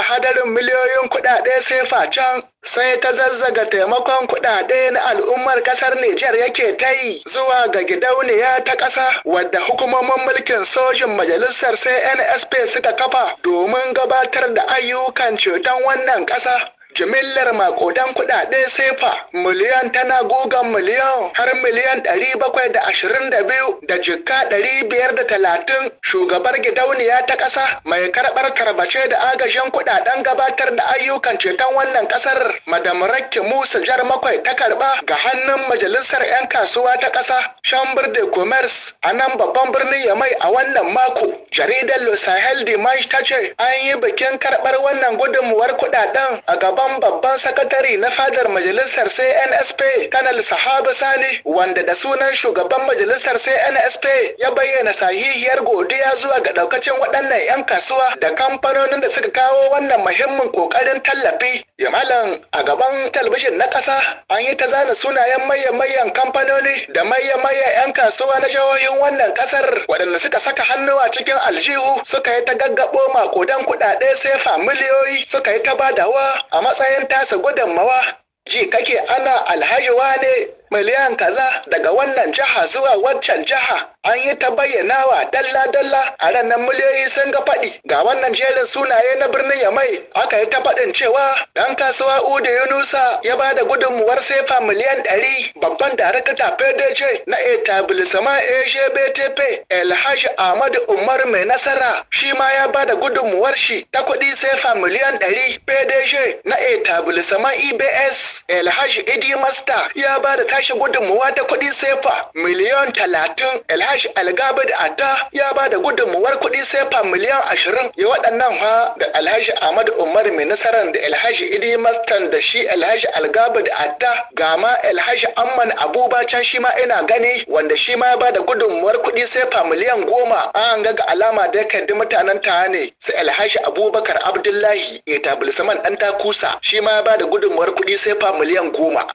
hadarin miliyoyin kuɗaɗe sai facen sai ta zazzaga taimakon kuɗaɗe na al'ummar ƙasar Nijar yake ta yi zuwa ga gidauniya ta ƙasa wadda hukumomin mulkin sojin majalisar sai NSP suka kafa domin gabatar da ayyukan ceton wannan ƙasa. jimillar makodan kuɗaɗe sefa miliyan tana gogan miliyan har miliyan ɗari da ashirin da da jikka ɗari da talatin shugabar gidauniya ta ƙasa mai karɓar tarbace da agajin kuɗaɗen gabatar da ayyukan ceton wannan ƙasar madam rakki musa jar makwai ta karɓa ga hannun majalisar 'yan kasuwa ta ƙasa chamber de commerce a nan babban birnin yamai a wannan mako jaridar lusahel dimash ta ce an yi bikin karɓar wannan gudunmuwar kuɗaɗen a gaba zaben babban sakatare na fadar majalisar CNSP Kanal Sahaba Sani wanda da sunan shugaban majalisar CNSP ya bayyana sahihiyar godiya zuwa ga daukacin waɗannan 'yan kasuwa da kamfanonin da suka kawo wannan muhimmin kokarin tallafi. Yamalan a gaban talabijin na ƙasa an yi ta zana sunayen maye mayan kamfanoni da maye mayan 'yan kasuwa na jihohin wannan ƙasar waɗanda suka saka hannu a cikin aljihu suka yi ta gaggabo maƙudan kuɗaɗe sai familiyoyi suka yi ta badawa a matsayin tasa gudunmawa ji kake ana alhaji ne miliyan kaza daga wannan jiha zuwa waccan jiha an yi ta bayyana wa dalla-dalla a ranar miliyoyi sun ga faɗi ga wannan jerin sunaye na birnin yamai aka yi ta faɗin cewa ɗan kasuwa udu yunusa ya ba da gudunmuwar sefa miliyan ɗari babban darakta pdj na etablissement agbtp elhaji ahmadu umar mai nasara shi ma ya ba da gudunmuwar shi ta kuɗi sefa miliyan ɗari pdj na etablissement ebs elhaji idi master ya ba da tashi gudunmuwa ta kuɗi sefa miliyan talatin elhaji alhaji da adda ya ba da gudunmuwar kuɗi sefa miliyan ashirin ya waɗannan fa da alhaji ahmad umar mai nasarar da alhaji idi mastan da shi alhaji da adda ga ma alhaji amman abubacan shi ma ina gani wanda shi ma ya ba da gudunmuwar kuɗi sefa miliyan goma an ga ga alama da ya mutanen ta ne sai alhaji abubakar abdullahi etablisman ɗan takusa shi ma ya ba da gudunmuwar kuɗi sefa miliyan goma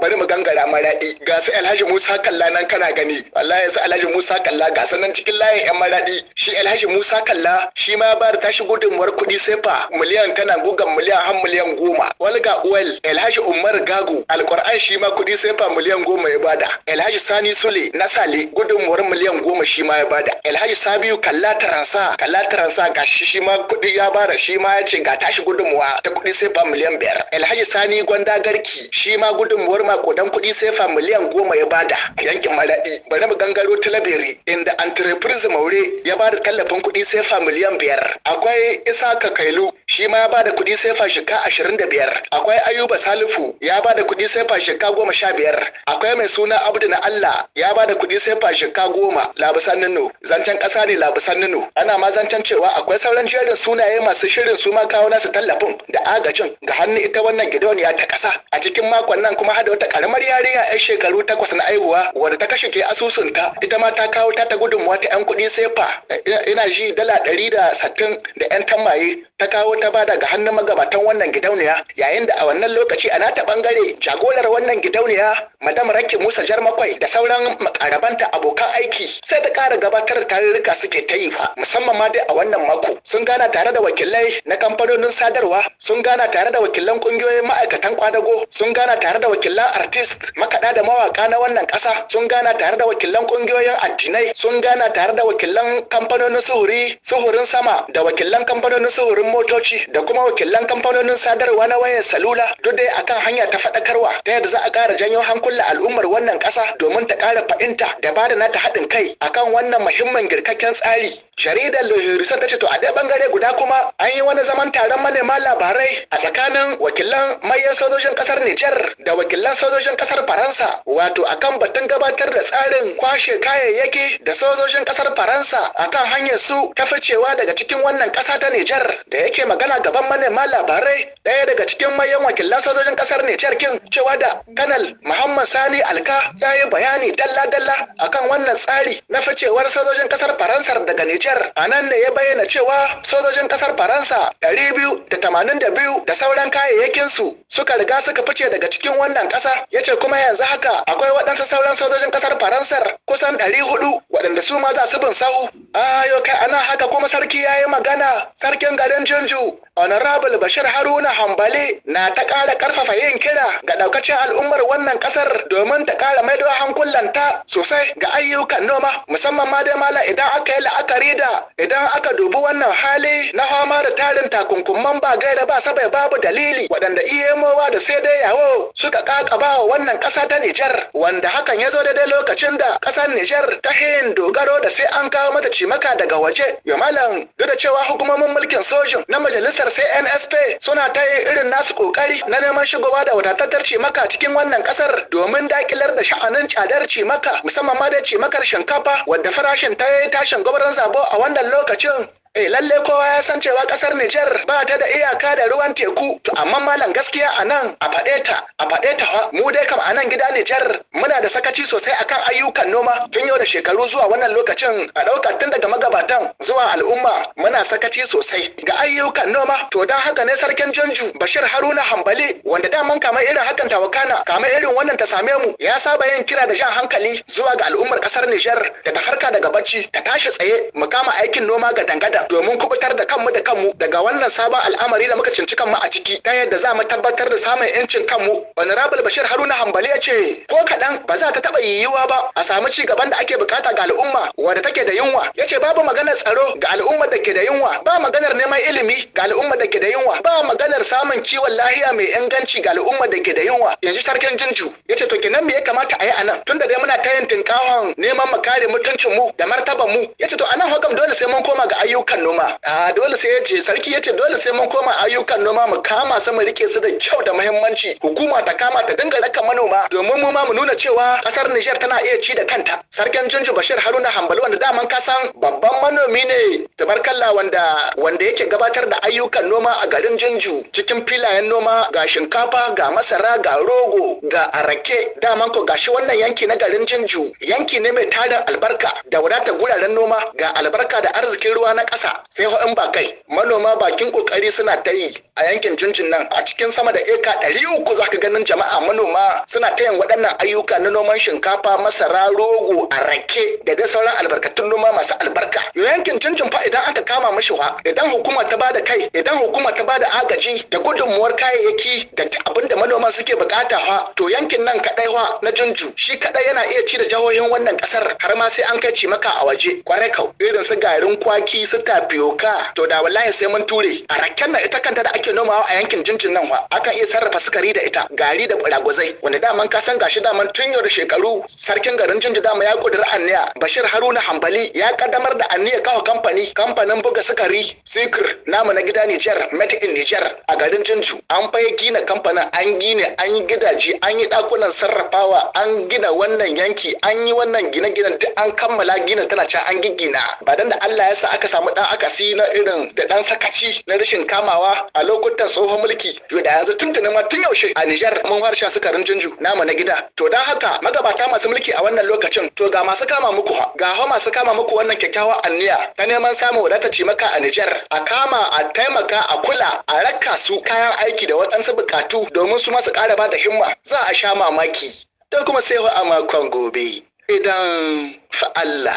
bari mu gangara maraɗi ga su Alhaji Musa Kalla nan kana gani ya su Alhaji Musa Kalla ga sanan cikin layin yan maraɗi shi Alhaji Musa Kalla shi ma ya bada tashi gudunmuwar kuɗi sai fa miliyan tana gugan miliyan har miliyan goma walga oil Alhaji Umar Gago alquran shi ma kuɗi sai fa miliyan goma ya bada Alhaji Sani Sule na Sale gudunmuwar miliyan goma shi ma ya bada Alhaji Sabiu Kalla Taransa Kalla Taransa ga shi shi ma kuɗi ya bada shi ma ya ce ga tashi gudunmuwa ta kuɗi sai fa miliyan biyar Alhaji Sani Gwanda Garki shi ma gudun gudunmuwar don kuɗi sefa miliyan goma ya bada yankin maraɗi bari mu gangaro talabiri inda entreprise maure ya bada tallafin kuɗi sefa miliyan biyar akwai isaka kailu shi ma ya bada kuɗi sefa shika ashirin da biyar akwai ayuba salifu ya bada kuɗi sefa shika goma sha biyar akwai mai suna abdu na allah ya bada kuɗi sefa shika goma labisan nuno zancen ƙasa ne labisan nuno ana ma zancen cewa akwai sauran da sunaye masu shirin su ma kawo nasu tallafin da agajin ga hannu ita wannan gidauniya ta ƙasa a cikin makon nan kuma hada wata karamar yarinya yar shekaru takwas na aihuwa wadda ta kashe ke asusunta ita ma ta kawo ta ta gudunmuwa ta yan kuɗi sefa ina ji dala ɗari da sattin da yan tambaye ta kawo ta bada ga hannun magabatan wannan gidauniya yayin da a wannan lokaci a nata bangare jagorar wannan gidauniya madam rakki musa jar makwai. da sauran makarabanta abokan aiki sai ta kara gabatar tarurruka suke ta yi fa musamman ma dai a wannan mako sun gana tare da wakilai na kamfanonin sadarwa sun gana tare da wakilan kungiyoyin ma'aikatan kwadago sun gana tare da wakilan artist makaɗa da mawaka na wannan ƙasa sun gana tare da wakilan ƙungiyoyin addinai sun gana tare da wakilan kamfanonin suhuri suhurin sama da wakilan kamfanonin suhurin motoci da kuma wakilan kamfanonin sadarwa na wayar salula duk dai akan hanya ta faɗakarwa ta yadda za a ƙara janyo hankula al'ummar wannan ƙasa domin ta ƙara fahimta da ba da nata haɗin kai akan wannan muhimmin girkakken tsari jaridar lohirusan ta ce to a ɗaya bangare guda kuma an yi wani zaman taron manema labarai a tsakanin wakilan mayan sojojin ƙasar Nijar da wakilan sojojin kasar Faransa wato akan batun gabatar da tsarin kwashe kayayyaki da sojojin kasar Faransa akan hanyar su ta ficewa daga cikin wannan kasa ta Nijar da yake magana gaban manema labarai ɗaya daga cikin mayan wakilan sojojin kasar Nijar kin cewa da Kanal Muhammad Sani Alka ya yi bayani dalla-dalla akan wannan tsari na ficewar sojojin kasar Faransa daga Nijar a nan ne ya bayyana cewa sojojin kasar Faransa ɗari 282 da sauran kayayyakin su suka riga suka fice daga cikin wannan wannan ƙasa ya ce kuma yanzu haka akwai waɗansu sauran sojojin ƙasar faransar kusan ɗari hudu waɗanda su ma za su bin sahu ayo kai ana haka kuma sarki ya yi magana sarkin garin junju, honorable bashir haruna hambali na ta ƙara ƙarfafa yin kira ga ɗaukacin al'ummar wannan ƙasar domin ta ƙara maido hankulanta sosai ga ayyukan noma musamman ma dai mala idan aka yi la'akari da idan aka dubi wannan hali na fama da tarin takunkuman ba gaira ba sabai babu dalili waɗanda iyemowa da sai dai yawo suka aka kakaba wa wannan ƙasa ta Nijar wanda hakan ya zo daidai lokacin da ƙasar Nijar ta hin dogaro da sai an kawo mata cimaka daga waje. Ya malam duk da cewa hukumomin mulkin sojin na majalisar CNSP suna ta yi irin nasu kokari na neman shigowa da wadatattar cimaka cikin wannan ƙasar domin dakilar da sha'anin tsadar cimaka musamman ma da cimakar shinkafa wadda farashin ta yi tashin gwamnatin zabo a wannan lokacin eh lalle kowa ya san cewa kasar Nijar ba ta da iyaka da ruwan teku to amma malam gaskiya a nan a faɗe ta a faɗe ta mu dai kam a nan gida Nijar muna da sakaci sosai akan ayyukan noma tun yau da shekaru zuwa wannan lokacin a ɗaukar tun daga magabatan zuwa al'umma muna sakaci sosai ga ayyukan noma to dan haka ne sarkin Jonju Bashir Haruna Hambali wanda daman kamar irin hakan tawakana kama irin wannan ta same mu ya saba yin kira da jan hankali zuwa ga al'ummar kasar Nijar da ta farka daga bacci ta tashi tsaye mu kama aikin noma ga dangada domin kubutar da kanmu da kanmu daga wannan sabon al'amari da muka cinci kanmu a ciki ta yadda za mu tabbatar da samun yancin kanmu honorable bashir haruna hambali ya ce ko kaɗan ba za ta taɓa yiwuwa ba a samu ci gaban da ake bukata ga al'umma wadda take da yunwa ya ce babu maganar tsaro ga al'ummar da ke da yunwa ba maganar neman ilimi ga al'ummar da ke da yunwa ba maganar samun kiwon lahiya mai inganci ga al'ummar da ke da yunwa yanzu sarkin jinju ya ce to kenan me ya kamata a yi a nan da dai muna ta yin tinkahon neman mu kare mutuncin mu da martaban mu ya ce to a nan hukam dole sai mun koma ga ayyuka ayyukan noma a ah, dole sai yace sarki yace dole sai mun koma ayyukan noma mu kama su mu rike su da kyau da muhimmanci hukuma ta kama ta dinga raka manoma domin mu ma mu nuna cewa kasar Nijar tana iya ci da kanta sarkin Junju Bashir Haruna Hambali wanda daman ka san babban manomi ne tabarkalla wanda wanda yake gabatar da ayyukan noma a garin Junju cikin filayen noma ga shinkafa ga masara ga rogo ga arake daman ko gashi wannan yanki na garin Junju yanki ne mai tada albarka da wadatar guraren noma ga albarka da arzikin ruwa na ƙasa ƙasa sai ho'in bakai, manoma bakin kokari suna ta yi a yankin jinjin nan a cikin sama da eka ɗari uku zaka ganin jama'a manoma suna ta yin waɗannan ayyuka na noman shinkafa masara rogo a rake da dai sauran albarkatun noma masu albarka yo yankin jinjin fa idan aka kama mashi wa idan hukuma ta bada kai idan hukuma ta bada agaji da gudunmuwar kayayyaki da abin da manoma suke bukata fa to yankin nan kaɗai wa na junju shi kaɗai yana iya ci da jihohin wannan ƙasar har ma sai an kai maka a waje kwarai kau irin su garin kwaki su shuka biyoka to da wallahi sai mun ture a raken nan ita kanta da ake nomawa a yankin jinjin nan wa akan iya sarrafa sukari da ita gari da ragwazai wanda daman ka san gashi daman tun yau da shekaru sarkin garin jinji dama ya kudura anniya bashir haruna hambali ya kaddamar da anniya kawo kamfani kamfanin buga sukari sikir namu na gida niger made in niger a garin jinju an fa gina kamfanin an gine an yi gidaje an yi dakunan sarrafawa an gina wannan yanki an yi wannan gine-ginen duk an kammala gina tana can an giggina ba dan da Allah ya sa aka samu dan akasi na irin da ɗan sakaci na rashin kamawa a lokutan tsohon mulki to da yanzu tuntuni ma tun yaushe a Nijar mun harshen sukarin junju namu na gida to dan haka magabata masu mulki a wannan lokacin to ga masu kama muku ga ho masu kama muku wannan kyakkyawa anniya ta neman samun wadata ce maka a Nijar a kama a taimaka a kula a raka su kayan aiki da waɗansu bukatu domin su masu ƙara ba da himma za a sha mamaki don kuma sai a makon gobe idan fa fa'alla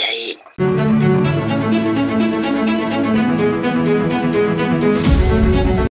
yayi.